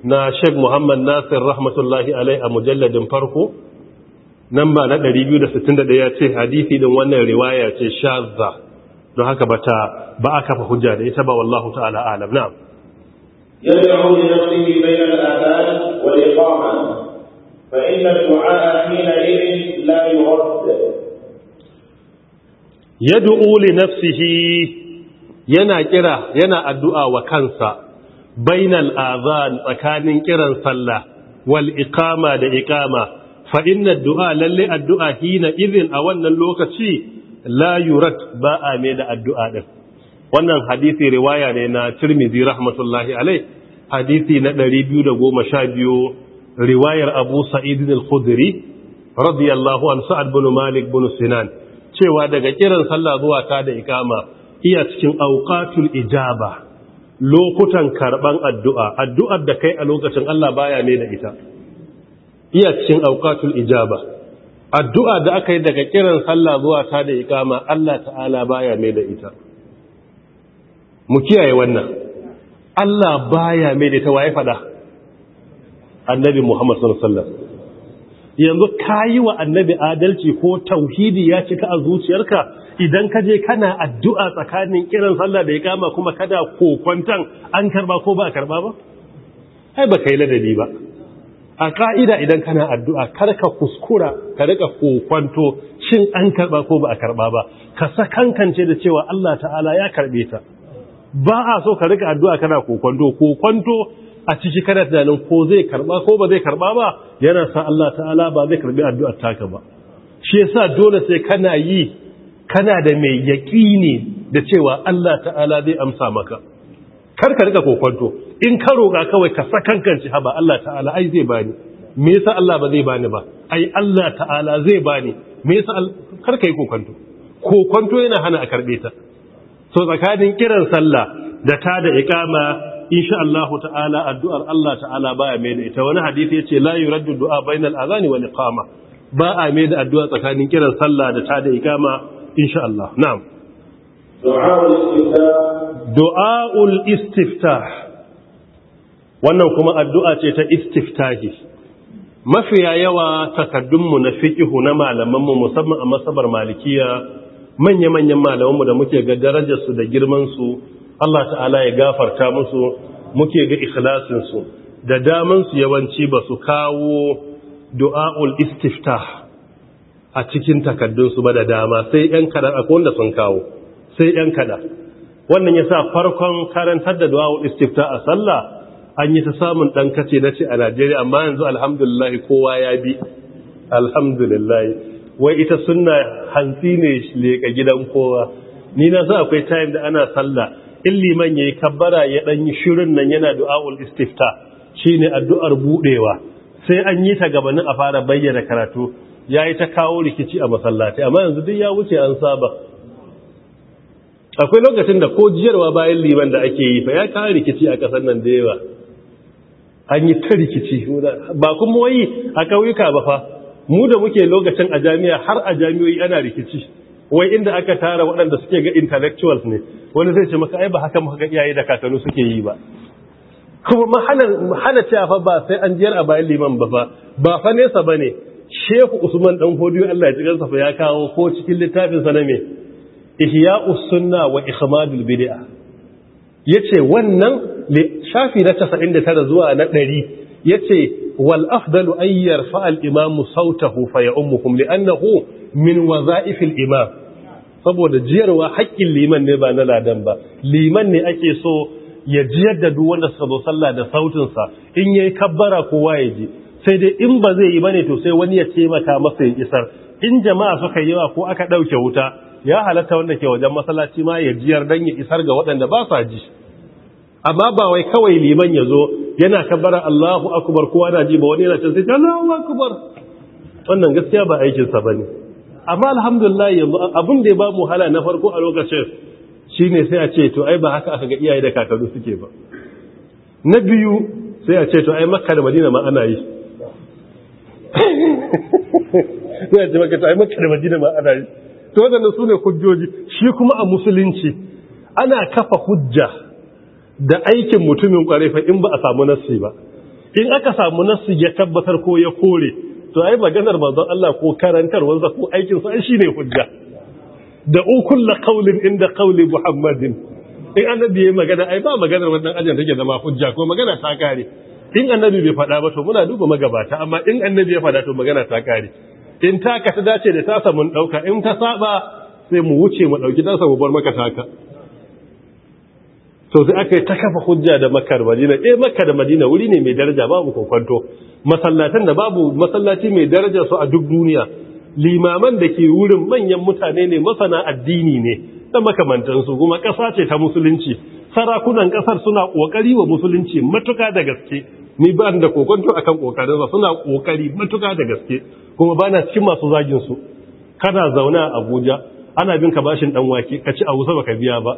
na Sheikh Muhammad Nasir rahmatullahi alai a mujalladin farko namba na 261 ya ce hadisi din wannan riwaya ce shazza don haka bata ba aka fa hujja da ita ba wallahu ta'ala alam na'am yad'u li nafsihi bayna al-adhan wal iqama fa inna ad-du'a hina idhin la yurad du'u li nafsihi yana kira yana addu'a wa kansa bainal azan tsakanin kiran sallah wal iqama da iqama fa inna addu'a lalle addu'a hina izin a wannan lokaci la yurat ba a mai da addu'a ɗin. wannan hadisi riwaya ne na Tirmidhi rahmatullahi alai hadisi na 212 riwayar Abu Sa'id al-Khudri radiyallahu an Sa'ad bin Malik bin Sinan cewa daga kiran sallah zuwa ta da ikama iya cikin auqatul ijaba lokutan karban addu'a addu'ar da kai a lokacin Allah baya ne da ita iya cikin auqatul ijaba addu'a da aka yi daga kiran sallah zuwa ta da ikama Allah ta'ala baya ne da ita mu kiyaye wannan Allah baya mai da ta waye fada annabi Muhammad sallallahu alaihi yanzu ka yi wa annabi adalci ko tauhidi ya cika a zuciyarka idan ka je kana addu'a tsakanin kiran sallah da ya kama kuma kada kokwantan an karba ko ba a karba ba? ai ba ka yi ladabi ba a ƙa'ida idan kana addu'a karka kuskura ka rika kokwanto shin an karba ko ba a karba ba ka sakankance da cewa Allah ta'ala ya karbe ta ba a so ka rika addu'a kana kokwanto kokwanto a ciki kana tunanin ko zai karba ko ba zai karba ba yana sa Allah ta'ala ba zai karbi addu'ar taka ba shi yasa dole sai kana yi kana da mai yaqini da cewa Allah ta'ala zai amsa maka kar ka rika kokonto in ka roƙa kawai ka ci haba Allah ta'ala ai zai bani me yasa Allah ba zai bani ba ai Allah ta'ala zai bani me yasa kar ka yi kokonto kokonto yana hana a karbe ta so tsakanin kiran sallah da ta da iqama insha Allah ta'ala addu'ar Allah ta'ala ba'a mai da ita wani hadisi yace la yuraddu du'a bainal azani wal iqama ba a mai da addu'a tsakanin kiran sallah da tada iqama insha Allah na'am du'a'ul istiftah wannan kuma addu'a ce ta istiftahi mafiya yawa takaddunmu na fiqhu na malamanmu musamman a masabar malikiya manya-manyan malamanmu da muke ga darajarsu da girmansu Allah ta'ala ya gafarta musu muke ga ikhlasinsu da damansu yawanci ba su kawo du'a'ul istiftah a cikin takaddunsu ba da dama sai ‘yan kada a wanda sun kawo sai ‘yan kada wannan ya sa farkon karantar da du'a'ul istifta a sallah an yi ta samun ɗan kace na ce a najeriya amma yanzu alhamdulillahi kowa ya bi alhamdulillahi wai ita suna hantsi ne leƙa gidan kowa ni na akwai time da ana sallah Liman liman yayi kabbara ya dan yi shirin nan yana du'aul istifta shine addu'ar buɗewa sai an yi ta gabanin a fara bayyana karatu yayi ta kawo rikici a masallaci amma yanzu duk ya wuce an saba akwai lokacin da ko jiyarwa bayan liman da ake yi fa ya kawo rikici a kasar nan da yawa an yi ta rikici ba kuma wai a kauyuka ba fa mu da muke lokacin a jami'a har a jami'oyi ana rikici wai inda aka tara waɗanda suke ga intellectuals ne wani zai ce maka ai ba haka muka ga iyaye da kakanni suke yi ba kuma mahalar ta fa ba sai an jiyar a bayan liman ba fa ba fa nesa ba ne shehu usman dan hodiyo Allah ya ji gansa fa ya kawo ko cikin littafin sa na me ihya usunna wa ikhmadul bid'a yace wannan shafi na 99 zuwa na 100 yace wal afdalu ayyar fa al imamu sautahu fa li annahu min waza'ifil imam saboda jiyarwa haƙƙin liman ne ba na ladan ba liman ne ake so ya jiyar da duk wanda suka zo sallah da sautinsa in yayi kabbara kowa ya ji sai dai in ba zai yi bane to sai wani ya ce taimaka masa ya isar in jama'a suka yi yawa ko aka ɗauke wuta ya halatta wanda ke wajen masallaci ma ya jiyar dan ya isar ga waɗanda ba sa ji amma ba wai kawai liman ya zo yana kabbara Allahu akbar kowa na ji ba wani yana cin sai Allahu akbar wannan gaskiya ba aikinsa bane amma alhamdulillah yanzu abin da ya ba mu hala na farko a lokacin shine sai a ce to ai ba haka aka ga iyaye da kakaru suke ba na biyu sai a ce to ai makka da madina ma ana yi sai a ce maka to ai makka da madina ma ana yi to waɗannan su ne hujjoji shi kuma a musulunci ana kafa hujja da aikin mutumin kwarai fa in ba a samu nassi ba in aka samu nassi ya tabbatar ko ya kore to ai maganar manzon Allah ko karantar karantarwarsa ko aikin sa shi ne hujja da ukul qaulin inda qauli muhammadin in annabi yayi magana ai ba maganar wannan ajin take zama hujja ko magana ta kare in annabi bai faɗa ba to muna duba magabata amma in annabi ya faɗa to magana ta kare in taka ta dace da tasa mun dauka in ta saba sai mu wuce mu dauki tasa mu bar maka taka to sai aka yi ta kafa hujja da makka da madina eh makka da madina wuri ne mai daraja babu kokwanto masallatan da babu masallaci mai daraja su a duk duniya limaman da ke wurin manyan mutane ne masana addini ne da su kuma ƙasa ce ta musulunci sarakunan ƙasar suna ƙoƙari wa musulunci matuka da gaske ni ba da kokonto akan kokarinsa suna kokari matuka da gaske kuma ba na cikin masu zagin su kana zauna a Abuja ana bin ka bashin dan wake ka a wusa baka biya ba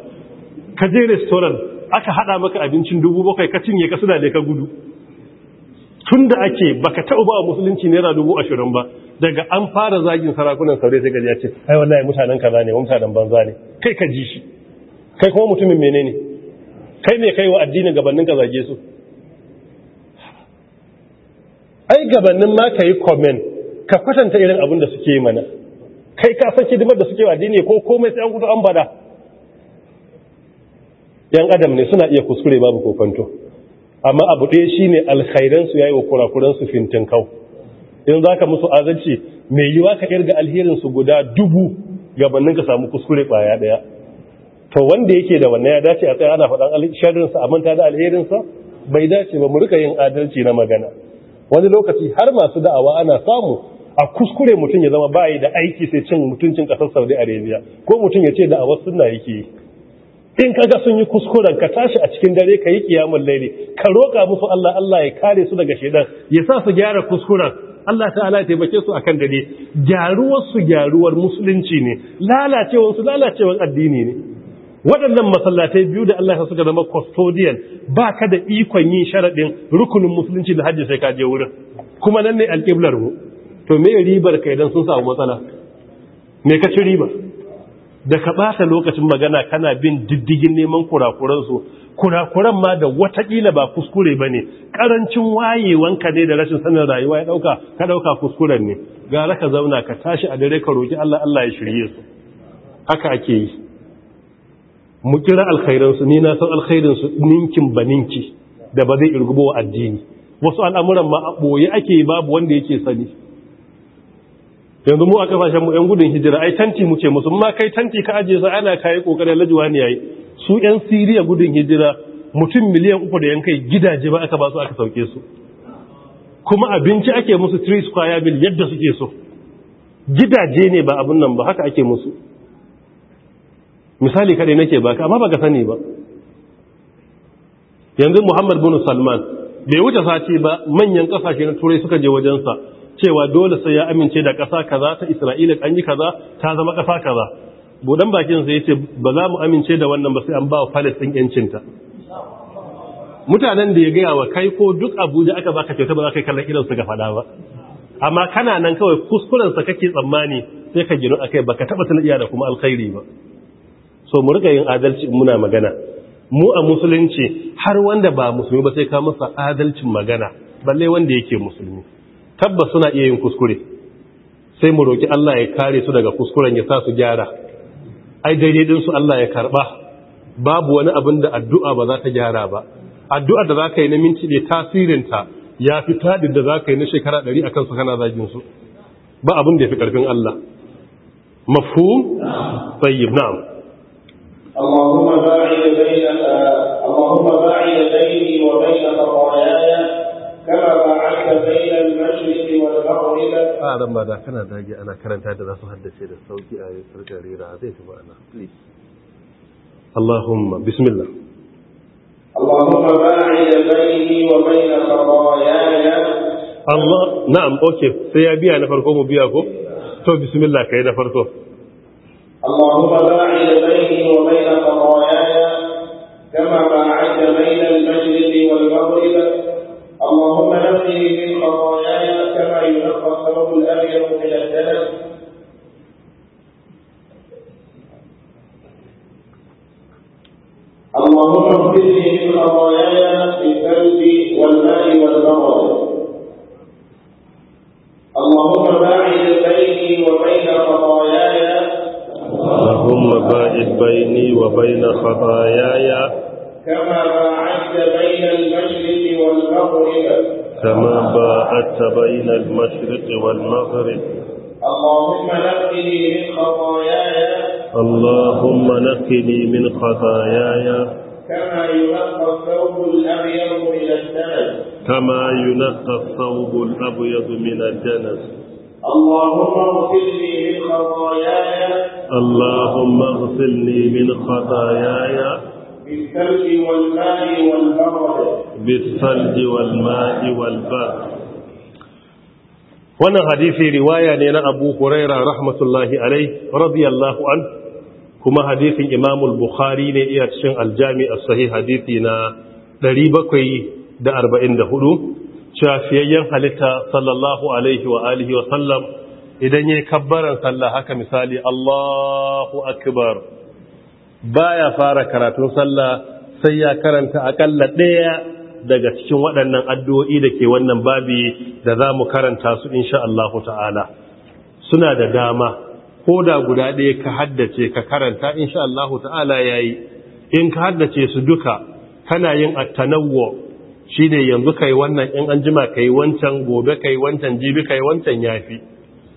ka je restoran aka hada maka abincin dubu bakwai ka cinye ka suna da ka gudu tun da ake baka taɓa ba a musulunci naira dubu ashirin ba daga an fara zagin sarakunan saurai sai gaji ya ce ai wallahi mutanen zane ne mutanen banza ne kai ka ji shi kai kuma mutumin mene ne. kai mai kai wa addinin gabanin ka zage su ai gabanin ma ka yi komen ka kwatanta irin abin da suke mana kai ka san kidimar da suke wa addini ko komai sai an gudu an bada yan adam ne suna iya kuskure babu kokonto amma abu ɗaya shine alkhairansu yi wa kurakuransu fintin kau in ka musu azanci mai wa ka kirga alherinsu guda dubu gabanin ka samu kuskure ɓaya ɗaya. to wanda yake da wannan ya dace a tsaye ana faɗan alsharin a manta da alherinsa bai dace ba mu rika yin adalci na magana wani lokaci har masu da'awa ana samu a kuskure mutum ya zama bayi da aiki sai cin mutuncin ƙasar Saudi Arabia ko mutum ya ce da'awar suna yake yi in kaga sun yi kuskuren ka tashi a cikin dare ka yi kiyamun laili ka roƙa musu Allah Allah ya kare su daga shedan ya sa su gyara kuskuren Allah ta'ala ya taimake su akan dare gyaruwar su gyaruwar musulunci ne lalacewar su lalacewar addini ne waɗannan masallatai biyu da Allah ya suka zama custodian ba ka da ikon yin sharaɗin rukunin musulunci da hajji sai ka je wurin kuma nan ne alƙiblar mu to me ribar ka idan sun samu matsala me ka ci riba da ka ɓata lokacin magana kana bin diddigin neman kurakuransu kurakuran ma da watakila ba kuskure ba ne ƙarancin wayewanka ne da rashin sanin rayuwa ya ɗauka ka ɗauka kuskuren ne gara ka zauna ka tashi a dare ka roƙi Allah Allah ya shirye su haka ake yi mu kira alkhairansu ni na san alkhairinsu ninkin ba ninki da ba zai irgubo wa addini wasu al'amuran ma a ɓoye ake babu wanda yake sani yanzu mu a kasashen mu yan gudun hijira ai tanti muke musu ma kai tanti ka aje su ana kai kokarin lajuwa ne yayi su yan Siriya gudun hijira mutum miliyan uku da yankai gidaje ba aka ba su aka sauke su kuma abinci ake musu 3 square meal yadda suke so gidaje ne ba abun nan ba haka ake musu misali kadai nake baka amma baka sani ba yanzu Muhammad bin Salman bai wuce sati ba manyan kasashe na turai suka je wajensa cewa dole sai ya amince da kasa kaza ta Isra'ila an yi kaza ta zama kasa kaza budan bakin sai yace ba za mu amince da wannan ba sai an ba wa Palestine yancin ta mutanen da ya gaya wa kai ko duk Abuja aka baka kyauta ba za ka kallon irin su ga fada ba amma kana nan kawai kuskuren sa kake tsammani sai ka gino akai baka taba tana iya da kuma alkhairi ba so mu riga yin adalci muna magana mu a musulunci har wanda ba musulmi ba sai ka masa adalcin magana balle wanda yake musulmi tabbas suna iya yin kuskure sai mu roki Allah ya kare su daga kuskuren ya sa su gyara ai daidai din su Allah ya karba babu wani abin da addu'a ba za ta gyara ba addu'a da zaka yi na minti ne tasirinta ya fi tadin da zaka yi na shekara 100 akan su kana zagin su ba abin da yafi karfin Allah mafhum tayyib na'am اللهم باعد بين اللهم باعد بيني وبين خطاياي كما باعدت بين المشرق والمغرب هذا ما كان أنا كرنت هذا في هذا الشيء الصوتي آية الجريرة هذه أنا بليز اللهم بسم الله اللهم باعد بيني وبين خطاياي الله نعم أوكي انا فرقوم بياكو تو بسم الله كي نفركم اللهم باعد بيني وبين خطاياي كما باعدت بين المشرق والمغرب اللهم نقني من خطاياي كما ينقى الثوب الابيض من الدنس اللهم اغفر لي من خطاياي في الثلج والماء والبرد اللهم باعد بيني وبين خطاياي اللهم باعد بيني وبين خطاياي كما باعدت بين المشرق والمغرب كما باعدت بين المشرق والمغرب اللهم نقني من خطاياي اللهم نقني من خطاياي كما ينقى الثوب الابيض من الدنس كما ينقى الثوب الابيض من الدنس اللهم اغسلني من خطاياي اللهم اغسلني من خطاياي بالثلج والماء والبرد بالثلج والماء والبرد wannan hadisi riwaya ne na Abu Huraira rahmatullahi alai radiyallahu an kuma hadisin Imam al-Bukhari ne iya cikin al-Jami as-Sahih hadisi na 744 shafiyayyen halitta sallallahu alaihi wa alihi wa sallam idan yayi kabbaran sallah haka misali Allahu akbar baya fara karatun sallah sai ya karanta akalla ɗaya daga cikin waɗannan addu'o'i da ke wannan babi da za mu karanta su insha Allah ta'ala suna da dama ko da guda ɗaya ka haddace ka karanta insha Allah ta'ala ya yi in ka haddace su duka kana yin attanawwa shi ne yanzu kai wannan in an jima kai wancan gobe kai wancan jibi kai wancan yafi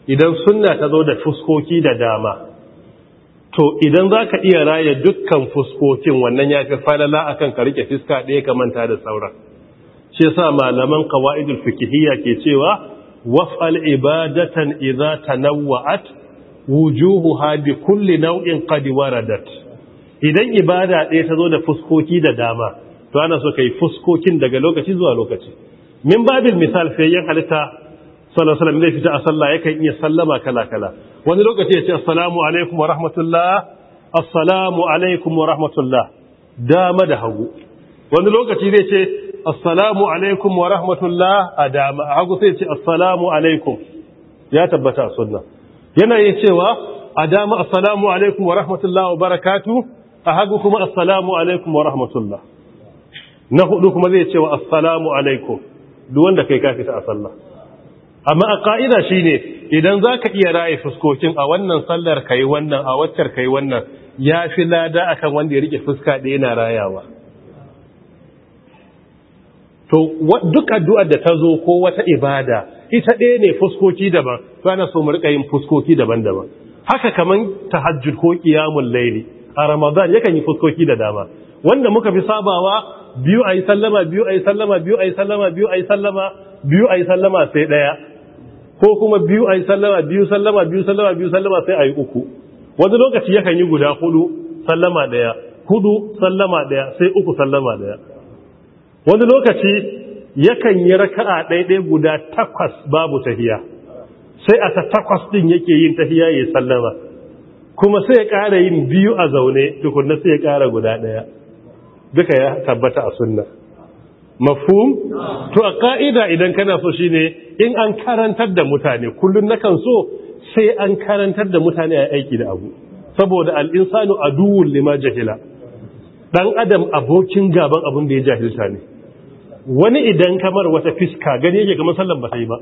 idan suna ta zo da fuskoki da dama to idan za ka iya raya dukkan fuskokin wannan ya fi falala akan ka karike fiska ɗaya ka manta da sauran ce sa malaman kawa'idul fikihiyya ke cewa waf'al ibadatan idza tanawwa'at wujuhu bi kulli naw'in qad waradat idan ibada ɗaya ta zo da fuskoki da dama to ana so kai fuskokin daga lokaci zuwa lokaci min babil misal fiyayyan halitta sallallahu alaihi wasallam da fita a sallah yakan iya sallama kala kala wani lokaci ya ce assalamu alaikum wa rahmatullah assalamu alaikum wa rahmatullah dama da hagu wani lokaci zai ce assalamu alaikum wa rahmatullah a dama a hagu sai ce assalamu alaikum ya tabbata a sunna yana yin cewa a dama assalamu alaikum wa rahmatullah wa barakatu a hagu kuma assalamu alaikum wa rahmatullah na hudu kuma zai cewa assalamu alaikum duk wanda kai kafita a sallah amma a ka'ida shine idan za ka iya raye fuskokin a wannan sallar yi wannan a ka yi wannan yafi lada akan wanda ya rike fuska da yana rayawa to duk addu'ar da ta zo ko wata ibada ita ɗaya ne fuskoki daban to ana so mu rika fuskoki daban-daban haka ta tahajjud ko ƙiyamun Laili, a ramadan yakan yi fuskoki da dama wanda muka fi sabawa biyu ayi sallama biyu ayi sallama biyu ayi sallama biyu ayi sallama sallama sai ɗaya. ko kuma biyu ayi yi sallama biyu sallama biyu sallama biyu sallama sai a uku wani lokaci yakan yi guda hudu sallama daya hudu sallama daya sai uku sallama daya wani lokaci yakan yi raka'a ɗaiɗai guda takwas babu tahiya sai a ta takwas ɗin yake yin tahiya ya sallama kuma sai ya ƙara yin biyu a zaune tukunna sai ya ƙara guda ɗaya duka ya tabbata a sunna mafum to a ka'ida idan kana so shine in an karantar da mutane kullun nakan so sai an karantar da mutane a aiki da abu saboda al'insanu insanu aduwwul lima jahila dan adam abokin gaban abin da ya jahilta ne wani idan kamar wata fiska gani yake kamar sallan ba sai ba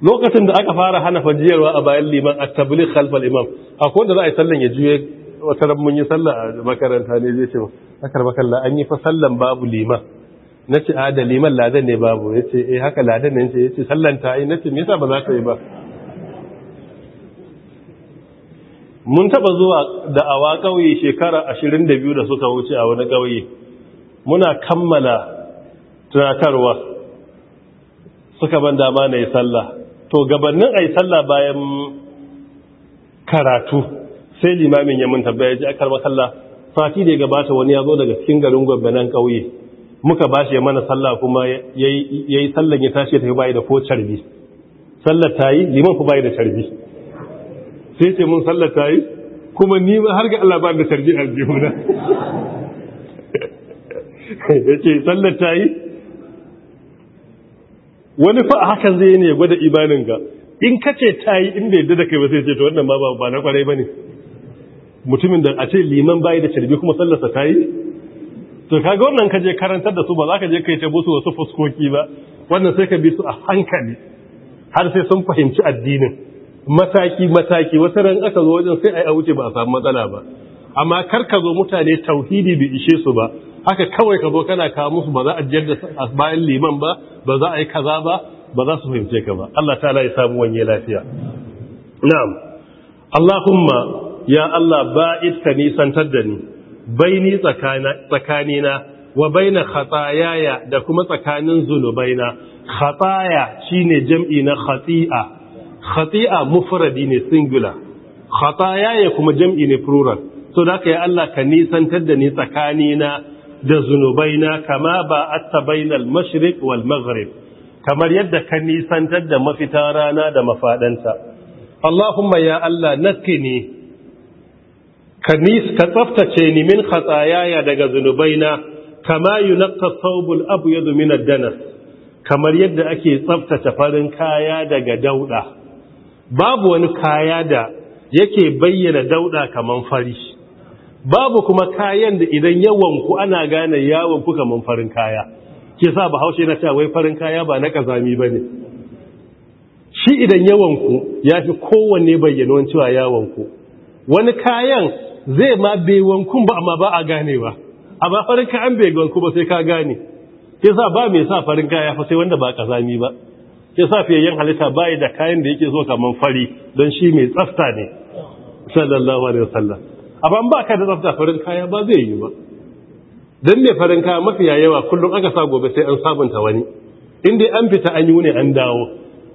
lokacin da aka fara hana fajiyarwa a bayan liman a tabligh khalf al-imam akwai da za a yi sallan ya juye wata ran mun yi sallah a makaranta ne zai ce akar makalla an yi fa sallan babu liman na ce a da liman ladan ne babu ya ce eh haka ladan ne ya ce sallan ta yi na ce me ba za ka yi ba mun taba zuwa da awa kawai shekara 22 da suka wuce a wani kawai muna kammala tunatarwa suka ban dama na yi sallah to gabanin a yi sallah bayan karatu sai limamin ya mun tabbaya ji akal makalla fati da ya gabata wani ya zo daga cikin garin gombe nan ƙauye muka ba shi ya mana sallah kuma ya yi sallan ya tashi ta tafi bayi da ko carbi sallar ta yi liman ku bayi da carbi sai ce mun sallar ta yi kuma ni har ga Allah ba da carbi a jihuna ya ce sallar ta yi wani fa hakan zai ne gwada imanin ga in kace ta yi in bai yadda da kai ba sai ce to wannan ba ba na kwarai ba ne mutumin da a ce liman bayi da carbi kuma sallarsa ta yi to kaga wannan ka je karantar da su ba za ka je kai ta busu wasu fuskoki ba wannan sai ka bi su a hankali har sai sun fahimci addinin mataki mataki wata ran aka zo wajen sai ai a wuce ba a samu matsala ba amma kar ka zo mutane tauhidi bai ishe su ba haka kawai ka zo kana kawo musu ba za a jiyar da bayan liman ba ba za a yi kaza ba ba za su fahimce ka ba Allah ta'ala ya samu wanye lafiya na'am Allahumma ya Allah ba'id ka nisantar da ni tsakanina wa baina khatayaya da kuma tsakanin zunubaina khataya ne jam'i na khati'a khati'a mufradi ne singular khatayaya kuma jam'i ne plural so da yi Allah ka nisantar da ni tsakanina da zunubaina kama ba atta bainal mashriq wal maghrib kamar yadda ka nisantar da mafita rana da mafadanta Allahumma ya Allah nakini ka tsaftace ni min khatsayaya daga zunubaina kama yunqqa thawbul abyad min ad-danas kamar yadda ake tsaftace farin kaya daga dauda babu wani kaya da yake bayyana dauda kaman fari babu kuma kayan da idan yawan ku ana gane yawanku ku farin kaya ke sa bahaushe na cewa wai farin kaya ba na kazami ne. shi idan yawan ku yafi kowanne bayyana cewa yawan ku wani kayan zai ma bai ba amma ba a ganewa amma farin kayan bai wanku ba sai ka gane sai sa ba mai sa farin kaya fa sai wanda ba zami ba sai sa fiyayyen halitta bai da kayan da yake so kamar fari don shi mai tsafta ne sallallahu alaihi wasallam amma ba ka da tsafta farin kaya ba zai yi ba dan mai farin kaya mafi yawa kullum aka sa gobe sai an sabunta wani inda an fita an yi ne an dawo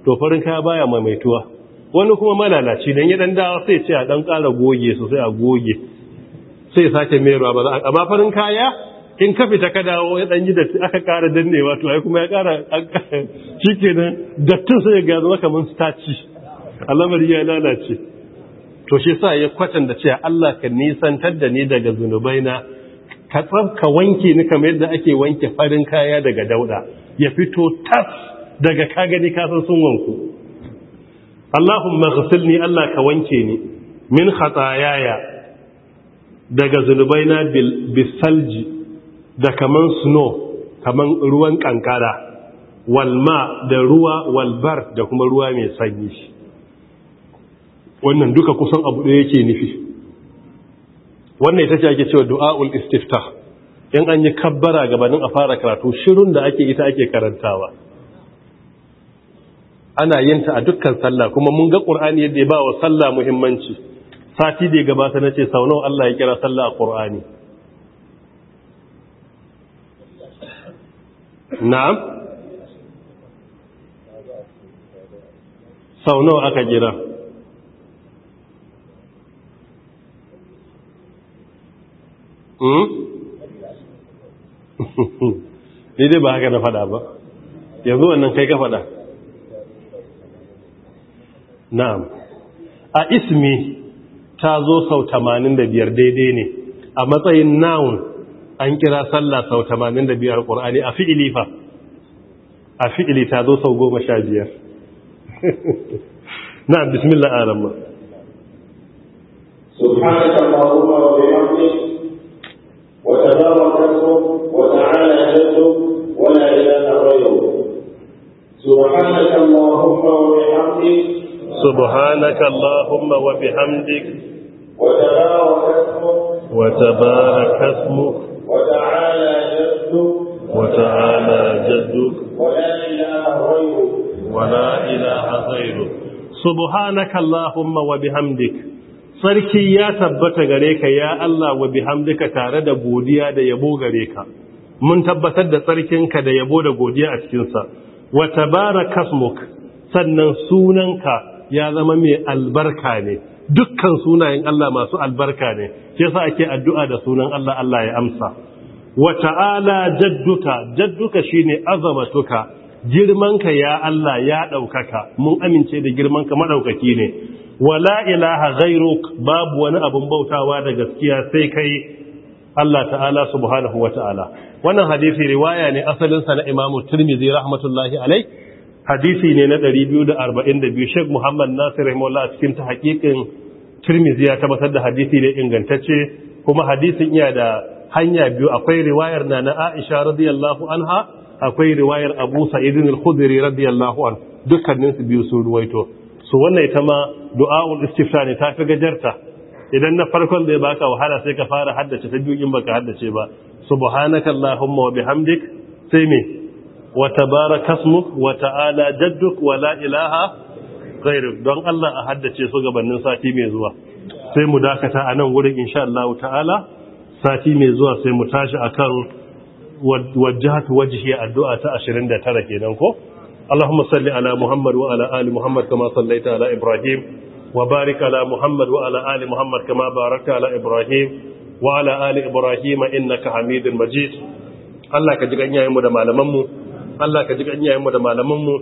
to farin kaya baya maimaituwa wani kuma malalaci don ya dan dawa sai ce a dan ƙara goge su sai a goge sai sake meruwa ba za a amma farin kaya in ka fita ka dawo ya ɗan yi da aka ƙara dannewa to ai kuma ya ƙara shikenan dattin sai ga zama kaman staci alamar ya lalace to shi sa ya kwatanta ce Allah ka nisantar da ni daga zunubaina ka tsarka wanke ni kamar yadda ake wanke farin kaya daga dauda ya fito tas daga ka gani kasan sun wanku Allahumma ghsilni Allah ka wanke ni min yaya daga zunubai na salji da kaman snow kaman ruwan kankara walma da ruwa walbar da kuma ruwa mai sanyi wannan duka kusan abu da yake nufi wannan ita ce ake cewa du'aul istiftah in an yi kabbara gabanin a fara karatu shirun da ake ita ake karantawa ana yin ta a dukkan sallah kuma mun ga qur'ani yadda ya ba wa sallah muhimmanci sati da gabata nace sau nawa Allah ya kira sallah a qur'ani na'am sau nawa aka hmm ni dai ba haka na fada ba yanzu wannan kai ka fada na'am a ismi ta zo sau 85 daidai ne a matsayin noun an kira sallah sau 85 alqur'ani a fi'ili fa a fi'ili ta zo sau 15 na'am bismillah arama سبحانك اللهم وبحمدك وتبارك اسمك وتعالى جدك ولا اله غيرك سبحانك اللهم وبحمدك سبحانك اللهم وبحمدك وتبارك اسمك وتعالى جدك وتعالى جدك ولا إله غيرك سبحانك اللهم وبحمدك sarki ya tabbata gare ka ya Allah wa bihamdika tare da godiya da yabo gare ka mun tabbatar da sarkinka da yabo da godiya a cikinsa wa Kasmuk sannan sunanka ya zama mai albarka ne dukkan sunayen Allah masu albarka ne shi yasa ake addu'a da sunan Allah Allah ya amsa wa ta'ala jadduka jadduka ne azamatuka girmanka ya Allah ya ɗaukaka mun amince da girmanka maɗaukaki ne wala ilaha ghairuk babu wani abin bautawa da gaskiya sai kai Allah ta'ala subhanahu wa ta'ala wannan hadisi riwaya ne asalinsa na Imam Turmizi rahmatullahi alai. hadisi ne na 242 Sheikh Muhammad Nasir rahimahullah a cikin tahqiqin Tirmidhi ya tabbatar da hadisi ne ingantacce kuma hadisin iya da hanya biyu akwai riwayar na na Aisha radiyallahu anha akwai riwayar Abu Sa'id al-Khudri radiyallahu anhu dukkanin su biyu sun ruwaito su wannan ita ma du'aul istifta ne ta fi gajarta idan na farkon zai baka wahala sai ka fara haddace ta biyu in baka haddace ba subhanakallahumma wa bihamdik sai me وتبارك اسمك وتعالى جدك ولا إله غيرك don Allah a haddace su gabanin sati mai zuwa sai mu dakata a nan wurin insha Allah ta'ala sati mai zuwa sai mu tashi akan wajhatu wajhi addu'a ta 29 kenan ko Allahumma salli ala Muhammad wa ala ali Muhammad kama sallaita ala Ibrahim wa barik ala Muhammad wa ala ali Muhammad kama barakta ala Ibrahim wa ala ali Ibrahim innaka Hamidul Majid Allah ka ji ganyayen mu da malaman mu Allah ka ji mu da malamanmu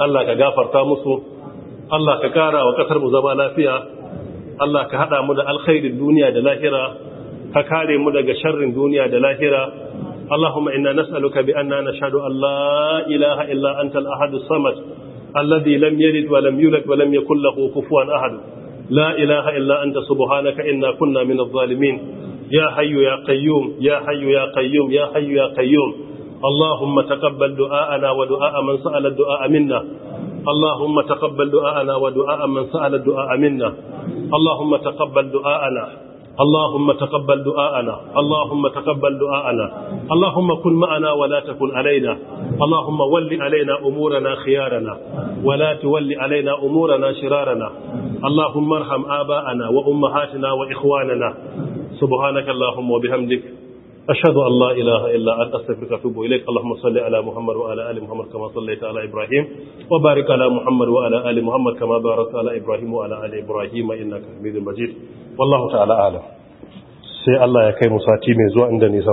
Allah ka gafarta musu Allah ka kara wa ƙasar mu zama lafiya Allah ka haɗa mu da alkhairin duniya da lahira ka kare mu daga sharrin duniya da lahira Allahumma inna nas'aluka bi anna nashhadu an la ilaha illa anta al-ahad as-samad alladhi lam yalid wa lam yulad wa lam yakul lahu kufuwan ahad لا إله إلا أنت kunna min كنا من الظالمين يا حي يا قيوم يا حي يا قيوم يا حي يا قيوم اللهم تقبل دعاءنا ودعاء من سأل الدعاء منا اللهم تقبل دعاءنا ودعاء من سأل الدعاء منا اللهم تقبل دعاءنا اللهم تقبل دعاءنا اللهم تقبل دعاءنا اللهم كن معنا ولا تكن علينا اللهم ول علينا أمورنا خيارنا ولا تول علينا أمورنا شرارنا اللهم ارحم آباءنا وأمهاتنا وإخواننا سبحانك اللهم وبحمدك أشهد أن لا إله إلا أنت أستغفرك وأتوب إليك اللهم صل على محمد وعلى آل محمد كما صليت على إبراهيم وبارك على محمد وعلى آل محمد كما باركت على إبراهيم وعلى آل إبراهيم إنك حميد مجيد والله تعالى أعلم sai Allah ya kai mu sati mai zuwa inda nisan